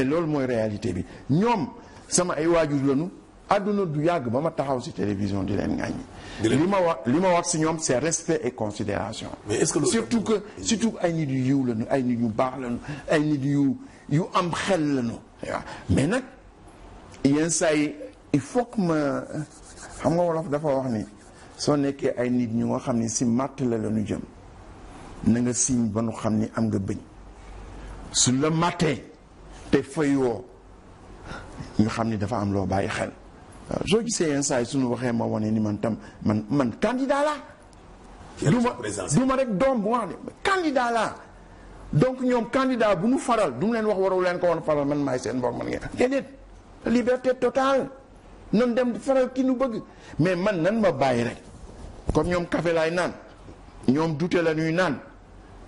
loolu mooy réalité bi ñoom sama ay waajur lañu àdduna du yàgg ba ma taxaw si télévision di leen ŋàññi li ma wax li ma wax si ñoom c'est respect considération mais est-ce que surtout que surtout ay nit yu yiw lañu ay nit yu baax lañu ay nit yu yu am xel lañu mais nag yenn saa yi il faut que ma xam nga wolof dafa wax ni soo nekkee ay nit ñu nga xam ni si màtt la la ñu jëm na nga siiñ ba nu xam ni am nga bëñ suñ la màttee te fayoo ñu xam ni dafa am loo bàyyi xel waaw soo gisee yenn saa suñu waxee ma wane ni man tam man man candidat laa du ma du ma rek doom bu wax ne candidat laa donc ñoom candidat bu nu faral du mu leen wax waru leen ko woon faral man maay seen mbokk man ngeen déedéet liberté totale nan dem faral ki nu bëgg mais man nan ma bàyyi rek kon ñoom kafe laay naan ñoom dute la ñuy naan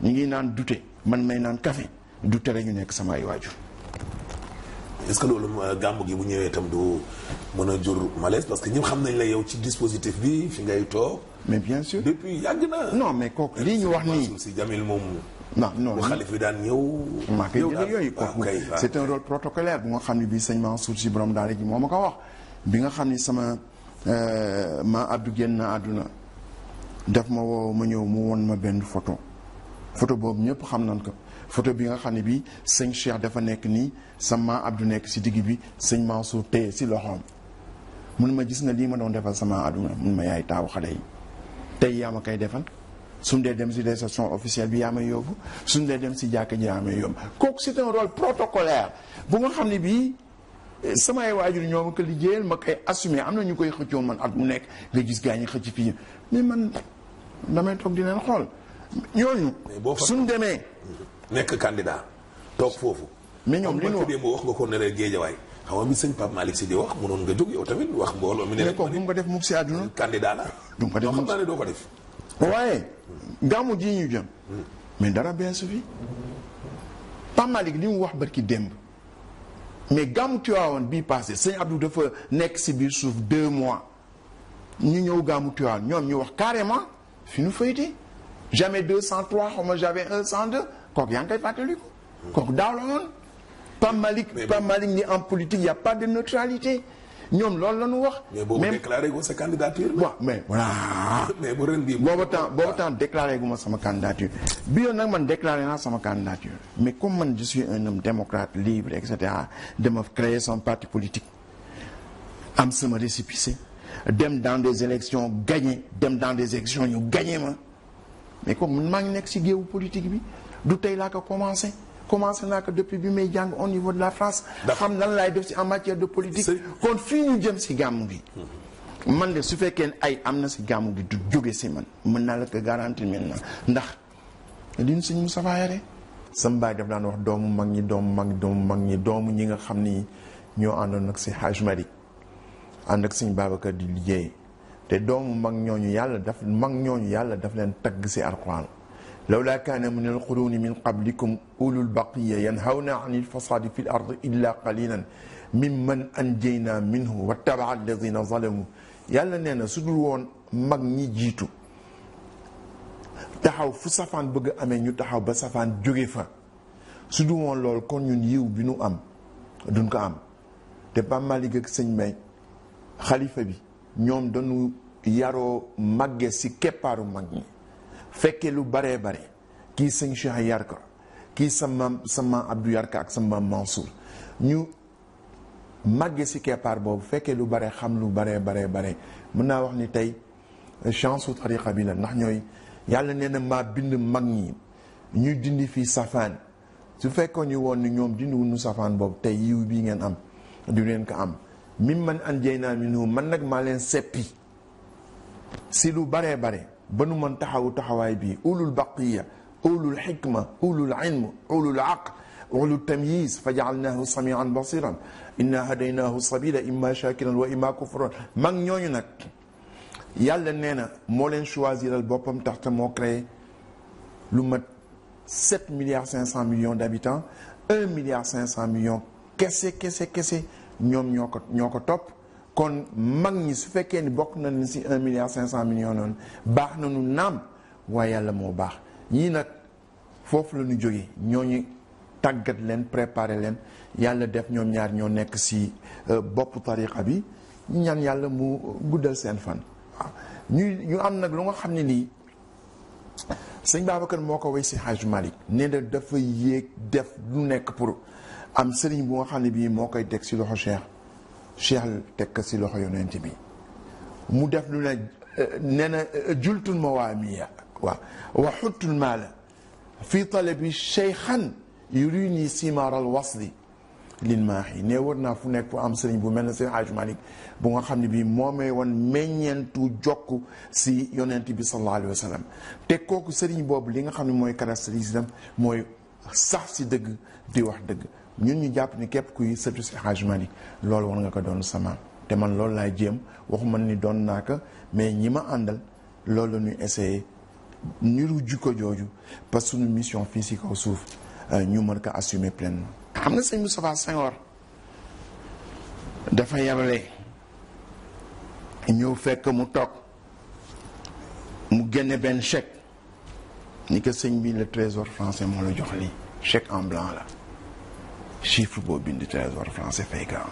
ñu ngi naan dute man may naan café dute tere ñu nekk sama ay waajur est-ce que loolu euh, gàmmu gi bu ñëwee tam du mën a jur malaise parce que ñëpp xam nañ la yow ci dispositif bi fi ngay toog. mais bien sûr depuis yàgg na. non mais kooku lii ñu wax nii si Jamil moom. non non bu xalif bi daan ñëw. maa koy yooyu ah, kooku c'est un protocolaire bu nga xam ne bii sëñ Mansour si borom daara ji moo ma ko wax bi nga xam ni sama euh, ma Abdou génn na àdduna daf ma woo ma ñëw mu won ma benn photo photo boobu ñëpp xam nañ ko photo bi nga xam ne bi sëñ Cheikh dafa nekk nii sama Abdou nekk si digg bi sëñ Mansour téye si loxoom mun ma gis nga lii ma doon defal sama àdduna mun ma yaay taawu xale yi tey yaa ma koy defal. suñ dee dem si des stations officielles bi yaa may yóbbu suñ dee dem si jàkk ji yaa may yóbbu kooku c'est un rôle protocolaire bu ma xam ne bii samay waajur ñoo ma ko liggéeyal ma koy assumer am na ñu koy xëccoo man at mu nekk nga gis gaa ñi xëcc fii mais man damay toog di leen xool ñooñu. suñ demee. nekk candidat toog foofu. mais ñoom li ñu wax wax nga ko ne leen géejawaay xam nga bi sëñ Pape Malick Sy di wax mënoon nga jóg yow tamit wax mbooloo mi ne. mais kooku du ko def mukk si àdduna. candidat la. du ko def mukk si doo ko def. waaye. gàmmu ji ñu jëm mais dara beesu fi Pape Malick li mu wax barki démb mais gàmmu Tiwaawan bii passé sëñ Abdou dafa nekk si biir suuf deux mois ñu ñëw gàmmu Tiwaawan ñoom ñu wax carrément fi nu fayti jamais deux cent trois xaw ma j'avais un cent deux kooku yaa ngi koy fàttaliku kooku daaw la woon Pape Malick Pape ni en politique y a pas de neutralité ñoom loolu la ñu wax. mais boobu déclaré ko sa candidature. waaw mais voilà. mais bu ren bii. boobu temps boobu sama candidature. bi yoon nag man déclaré naa sama candidature. mais comme man je un nam démocrate libre et cetera dama créer son parti politique am sama récépissé dem dans des élections gagné dem dans des élections ñu gagné ma mais comme man maa nekk si géewu politique bi du tey laa ko commencé. commencé naa ko depuis bi may jàng au niveau de la France. xam nan lay def ci en matière de politique. kon fii ñu jëm si gàmm gi. Mhm. man de su fekkee ay am na si gàmm gi du jóge si man mën naa la ko garantir maintenant ndax liñ suñ mu safaayare. sama baay daf daan wax doomu mag ñi doomu mag ñi doomu mag ñi doomu ñi nga xam ni ñoo àndoon nag si Hajj Malik ànd ak suñu Babacar di liggéey te doomu mag ñooñu yàlla daf mag ñooñu yàlla daf leen tagg si alxuraan lawlaa kaana min alquruuni min qablikum ulul baqiya yanhawna an ilfasaadi fi l ard illa qalilan mimman anjaynaa minhu wattabaa alladina zalamu yàlla nee na su dul woon mag ñi jiitu taxaw fu safaan bëgg amee ñu taxaw ba safaan jóge fa su dul woon lool ko ñun yiw bi nu am duñ ko am te Pape Malick ak sëñ may xalifa bi ñoom dañu yaroo màgge si keppaaru mag ñi fekkee lu baree bare kii sëñ Cheikh yar ko kii sa sama sa maam yar ak sa maam Mansour ñu màggee si keppaar boobu fekkee lu bare xam lu baree baree bare mën naa wax ni tey chance u tariqa bi la ndax ñooy yàlla nee na maa bind mag ñi ñu dindi fii safaan su fekkoon ñu woon ni ñoom dindi wuñu safaan boobu tey yiw bii ngeen am du leen ko am mim man an jey naa minhu man nag maa leen seppi si lu baree bare ba nu mën taxawu taxawaay bii ulul baqiya ulul xikma ulul ilm ulul aql ulul tamyiz fa jaalnaahu samian basiran inna hadaynaahu sabila imma shakiran wa imma kufran mag ñooñu nag yàlla nee na moo leen choisiral boppam tax te moo créé lu mat sept milliards cinq cent millions d'habitants un milliard cinq cent millions kese kese kese ñoom ñoo ko ñoo ko topp kon mag ñi su fekkee ni bokk nañ si un milliard cinq cent millions noonu baax na nu naam waaye yàlla moo baax ñii nag foofu la nu ñu ñoo ñu tàggat leen préparer leen yàlla def ñoom ñaar ñoo nekk si euh, bopp tariqa bi ñan yàlla mu guddal seen fan. waaw ñu am nag lu nga xam ne nii sëñ Babacar moo ko way si Hajj Malick ne da dafa yéeg def lu nekk pour am sëriñ bu nga xam ne bii moo koy teg si loxo Cheikh. Cheikh tekk si loxo yonent bi mu def lu ne nee na jultul mawaamiya waaw wa xuttul maala fii talabi cheykhan yurini simaaral naa fu nekk am sëriñ bu mel ne seen Malik bu nga xam ne bii may woon meññeentu jokk si yonent bi sallallahu alayhi wa sallam te kooku sëriñ boobu li nga xam ne mooy caractéristique am mooy sax si dëgg di wax dëgg ñun ñu jàpp ni képp kuy sëtu si Hadj Malick loolu war nga ko doon sama te man loolu laa jéem waxuma ni doon naa ko mais ñi ma àndal loolu la ñuy essayé niru jikko jooju parce que mission fii si kaw suuf euh, ñu mën ko assumer plen xam na sëñ Moustapha Senghor dafa yabale ñëw fekk mu toog mu génne benn chèque ni ko sëñ bi le trésor français moo la jox lii chèque en blanc la. chiffre boo bind trésor français fay ka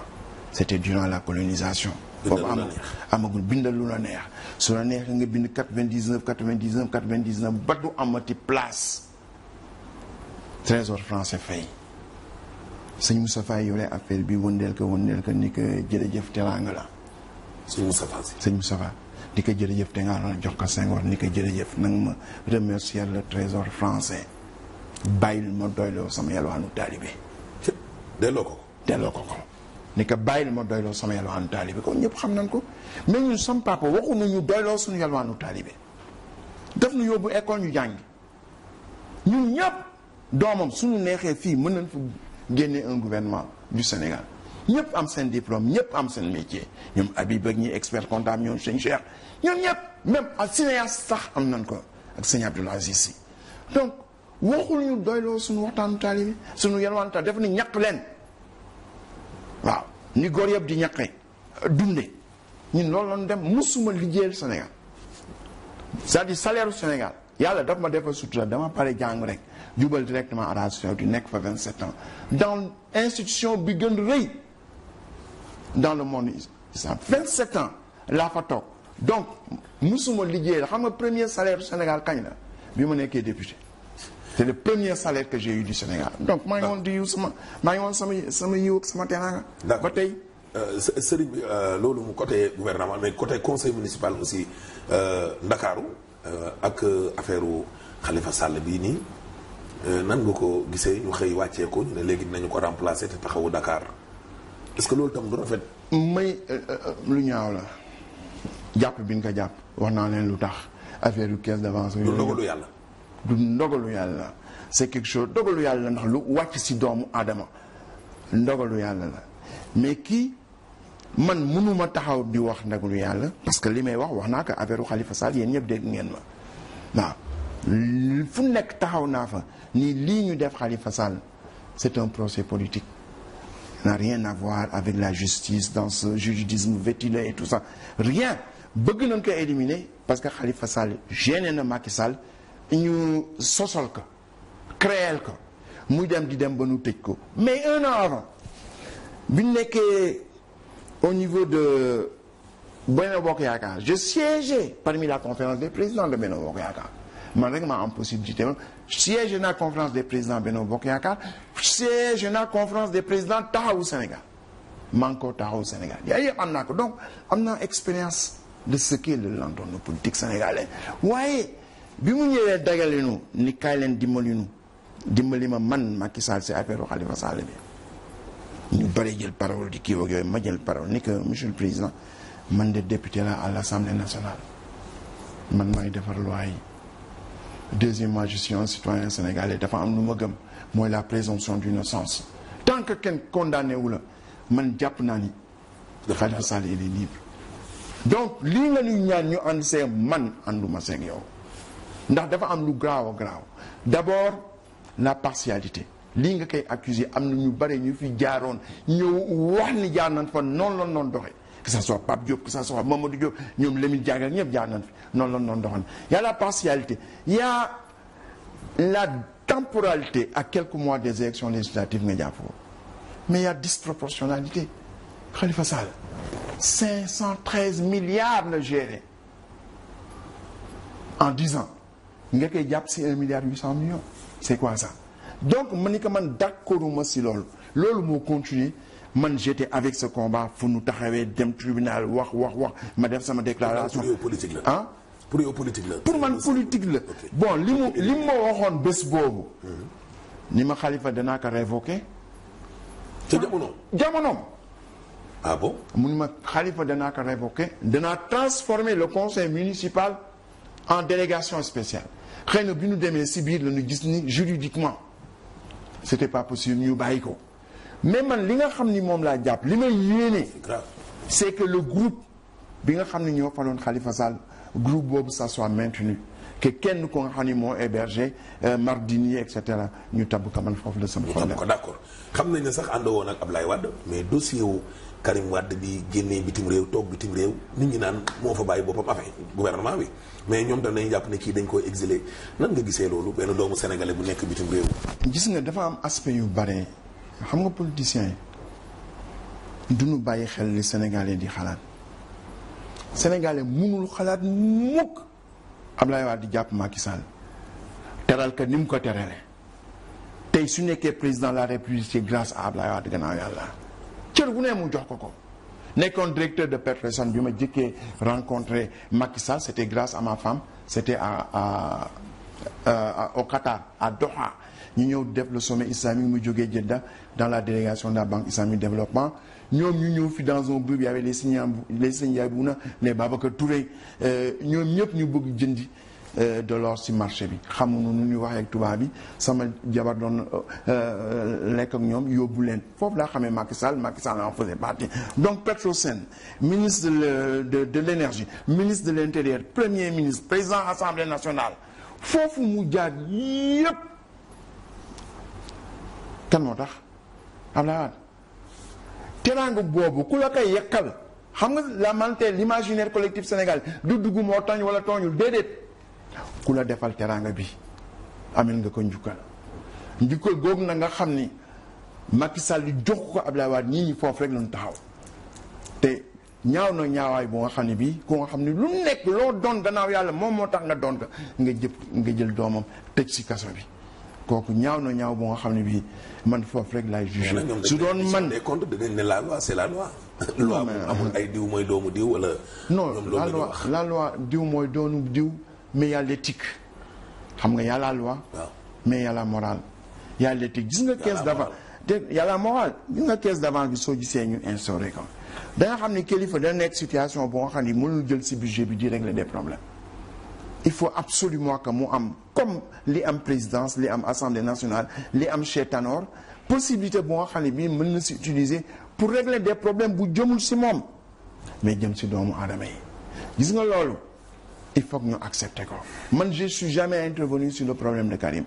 c'était durant la colonisation foofu am amagul bindal lu la neex su la neex nga bind 99 99 99 ba du amati place trésor français fay sëñ Moustapha yore affaire bi wëndeel ko wëndeel ko ni ko jërëjëf teraanga la sëñ Moustapha sëñ Moustapha di ko jërëjëf te nga doon jox ko Senghor ni ko jërëjëf nanga ma remercier le trésor français bàyyil ma doyloo sama yàlwaanu taalibe delloo ko ko delloo ko ko ni ko bàyyil ma doyloo sama yalwaanu taalibe ko ñëpp xam nañ ko mais ñun sam papa waxuñu ñu doyloo suñu yalwaanu taalibe daf nu yóbbu école ñu jàngi ñun ñëpp doomam suñu neexee fii mën nañ fa génne un gouvernement du Sénégal ñëpp am seen diplôme ñëpp am seen métier ñoom Habib ak ñi expert comptable ñoom seen Cheikh ñoom ñëpp même ak cinéaste sax am nañ ko ak sëñ Abdoul Aziz donc waxul ñu doyloo suñu waxtaanu taalibe suñu yalwaanu taalibe def ni ñaq leen waaw ni gor yëpp di ñaqe dunde ñun loolu lañu dem musuma liggéeyal Sénégal c'est-à-dire salaire Sénégal yàlla daf ma defal sutura dama pare jàng rek jubal directement à di nekk fa 27 ans dans institution bi gën rëy dans le monde islam 27 ans laa fa toog donc musuma liggéeyal xam nga premier salaire Sénégal kañ la bi ma nekkee député c'est le premier salaire que j'ai eu du Sénégal donc maa ngi woon di yiw sama maa ngi woon sama sama yiw ak sama teraanga ba tey euh, sëriñ bi euh, loolu mu côté gouvernement mais côté conseil municipal aussi euh, Ndakaaru ak affaire xalifa sàll bii nii nan nga ko gisee ñu xëy wàccee ko ñu ne léegi nañu ko remplacer te taxawu Dakar est que loolu tam du rafet. may lu ñaaw la jàpp bi ñu ko jàpp wax naa leen lu tax affaire yu caisse d'avance. lu dogalu yàlla. du ndogalu yàlla c'est quelque lu wàcc ci doomu aadama ndogalu yàlla la mais kii man mënuma taxaw di wax ndogalu yàlla parce que li may wax wax naa ko affaire u Khalifa Sall yéen ñëpp dégg ngeen ma waaw fu nekk taxaw naa fa nii lii ñu def Khalifa Sall c'est un procès politique n'a rien à voir avec la justice dans ce juridisme vétile et tout ça rien bëgg nañ ko éliminer parce que Khalifa Sall gêné na Macky Sall ñu sosal ko créel muy dem di dem ba nu tëj ko mais un an avant bi ñu nekkee au niveau de Benno Bokk Yaakaar je siégeais parmi la conférence des présidents de Benno Bokk Yaakaar man rek maa am possibilité siège naa conférence des présidents Benno Bokk Yaakaar siège naa conférence des présidents Taxawu Sénégal maa ngi ko Taxawu Sénégal yaayu donc am naa expérience de ce qu'est le landerneau politique sénégalais waaye bi mu ñëwee dagale nu ni kaay leen dimbali nu dimbali ma man Macky Sall si affaire Khalifa Sall bi ñu bari jël parole di kii ak yooyu ma jël parole ni que monsieur président man de député la à l' assemblée nationale man maay defar yi deuxièmement je suis un citoyen dafa am lu ma gëm mooy la présomption d'innocence tant que kenn condamné wu la man jàpp naa ni Khalifa Sall il est libre donc lii nga ñuy ñaan ñu ànd see man ànduma seeg yow ndax dafa am lu graw a graaw d'abord la partialité lii nga kay accuser am na ñu bare ñu fi jaaroon ñëw wax ni jaar nañ fa noonu la noonu doxee que ça soit Pape Diop que ça soit Mamadou Diop ñoom Lamine Diack ak ñëpp jaar fi noonu la noonu doxee y a la partialité y a la temporalité à quelques mois des élections législatives nga jàpp ko mais y a disproportionnalité Khalifa Sall 513 milliards la géré en 10 ans nga koy jàpp si un milliard huit cent millions c'est quoi ça donc man ni ko man d'accorduma si loolu loolu moo continuer man jete avec ce combat fu nu taxawee dem tribunal wax wax wax ma def sama déclaration politique la pour yow politique la pour man politique la bon li mu li mu ma waxoon bés boobu mhm. ni ma xalifa danaa ko révoquer ca jamonoom jamonoom ah bon mu ma xalifa danaa ko révoquer danaa transformer le conseil municipal en délégation spéciale xëy na bi ñu demee si biir la ñu gis ni juridiquement c'était pas possible nu bàyyi ko mais man li nga xam ni moom laa jàpp li may yéene c'est que le groupe bi nga xam ni ñoo faloon Khalifa sal groupe boobu ça soit maintenu kenn ko nga xam ni moo hébergé euh, Mardini et cetera ñu tabb ko man foofu la sama problème ko d'accord xam nañ ne sax ànd woon ak Ablaye Wade mais dossier wu Karim Wade bi génnee bitim réew toog bitim réew nit ñi naan moo fa bàyyi boppam affaire gouvernement bi mais ñoom tam nañu jàpp ne kii dañ koo exile nan nga gisee loolu benn doomu sénégalais bu nekk bitim réew gis nga dafa am aspect yu bare xam nga politiciens yi duñu bàyyi xel li sénégalais di xalaat sénégalais mënul xalaat mukk am Abdoulaye Wade di jàpp Macky teral ko ni mu ko terale tey su nekkee président de la république grâce à Abdoulaye Wade gannaaw yàlla cër bu ne mu jox ko ko nekkoon directeur de Petersen bi ma jëkkee rencontré Macky Sall c' était grâce à ma femme c' était à à, à au Qatar à Doha ñu ñëw def le sommet islamique mu jógee Jeddah dans la délégation de la Banque islamique de développement ñoom ñu ñëw fi dans bu groupe y avait les Serigne les na Yabouna les Babacar Touré euh, ñoom ñëpp ñu bëgg jëndi euh, de l'or ci marché bi xamuñu nu ñuy waxee ak tubaab bi sama jabar doon euh, lekk ñoom yóbbu leen foofu laa xamee Macky Sall Macky Sall en faisait partie donc Petrosen ministre de de l'énergie ministre de l'intérieur premier ministre président assemblée nationale foofu mu jaar yépp kan moo tax Abdoulaye Wade teraanga boobu ku la koy yekkal xam nga la mentalité l'imaginaire collectif Sénégal du dugg moo tooñ wala tooñul déedéet ku la defal teraanga bi amel nga ko njukkal njukkal googu na nga xam ni Macky Sall jox ko Abdoulaye Wade ñii ñi foofu rek lañu taxaw te ñaaw na ñaawaay boo nga xam ne bii ku nga xam ne lu nekk loo doon gannaaw yàlla moom moo tax nga doon ko nga jëpp nga jël doomam tëj si kaso bi kooku ñaaw na ñaaw bu nga xam ne bii man foofu rek laay jugé. su doon man des comptes dinañ ne la loi c'est la loi. loi euh, ay diw mooy doomu diw wala. non la loi diw mooy doonu diw mais y a xam nga y a la loi. mais y morale. y a l'éthique gis nga caisse d'avance yàlla y a la morale gis nga caisse d'avance bi soo jisee ñu instauré ko da xam ni kilifa dana nekk situation bu xam ni mënul jël si budget bi di régler des problèmes. il faut absolument que mu am comme li am présidence li am assemblée nationale li am chez Tanor possibilité bu nga xam bii mën na si utiliser pour régler des problèmes bu jëmul si moom mais jëm si doomu aadama yi gis nga loolu il faut que ñu accepter ko man je suis jamais intervenu sur le problème de Karim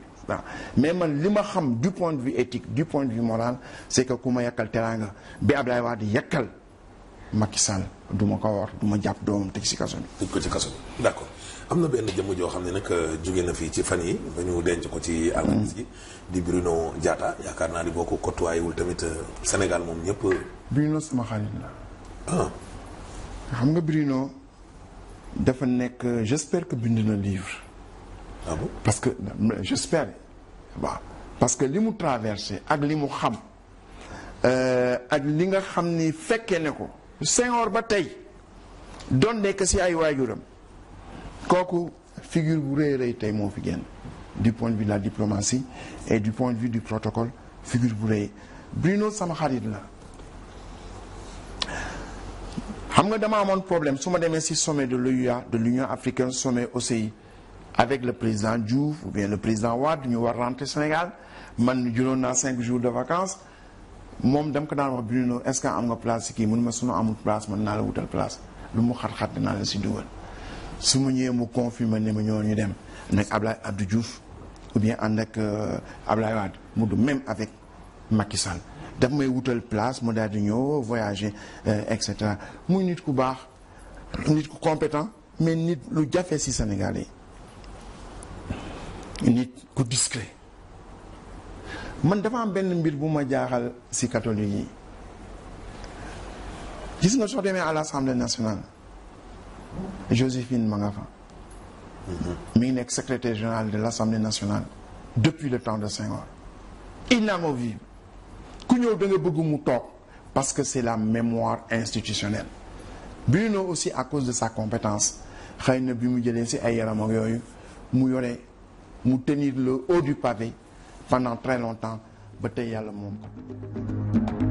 mais man li ma xam du point de vue éthique du point de vue moral c'est que ku ma yàkkal teraanga bi Abdoulaye Wade yàkkal Macky Sall du ma ko wax du ma jàpp doomam teg si ko ci kaso am na benn jëmm joo xam ne nag euh, jóge na fii ci fan yi ba ñu denc ko ci alxames gi di Bruno Diatta yaakaar naa ni boo ko côtoyéwul tamit euh, Sénégal moom ñëpp Bruno sama xarit la ah. xam nga Bruno dafa nekk euh, j'espère que bind na livre ah bon parce que j'espère waaw parce que li mu traversé ak li mu xam ak li nga xam ni fekkee ne ko Senghor ba tey doon nekk si ay waajuram kooku figure bu rëy rëy tey moo fi génn du point de vue de la diplomatie et du point de vue du protocole figure bu rëy Bruno sama xarit la xam nga dama amoon problème su ma demee si sommet de l'UA de l'Union africaine sommet OCI avec le président Diouf ou bien le président Wade ñu war rentré Sénégal man jëloon naa cinq jours de vacances moom dama ko daan wax Bruno est-ce que am nga place ci kii mun ma sunu amul place man naa la wutal place lu mu xat-xat dinaa la ci dugal si mu ñëwee mu confirmer ne ma ñoo ñu dem nag Ablaye Abdou Diouf bien ànd ak euh, Ablaye Wade mu du même avec Macky Sall daf may wutal place mu daal di ñëw voyager euh, et cetera muy nit ku baax nit ku compétent mais nit lu jafe si Sénégal yi nit ku discret man dafa am benn mbir bu ma jaaxal si catholique yi gis nga soo demee à l'Assemblée nationale Joséphine ma nga mi ngi nekk secrétaire général de l'Assemblée nationale depuis le temps de Senghor inamovible ku ñëw da bëgg mu toog parce que c'est la mémoire institutionnelle Bruno aussi à cause de sa compétence xëy na bi mu jëlee ci ay yaram ak yooyu mu yore mu tenir le haut du pavé pendant très longtemps ba tey yàlla moom ko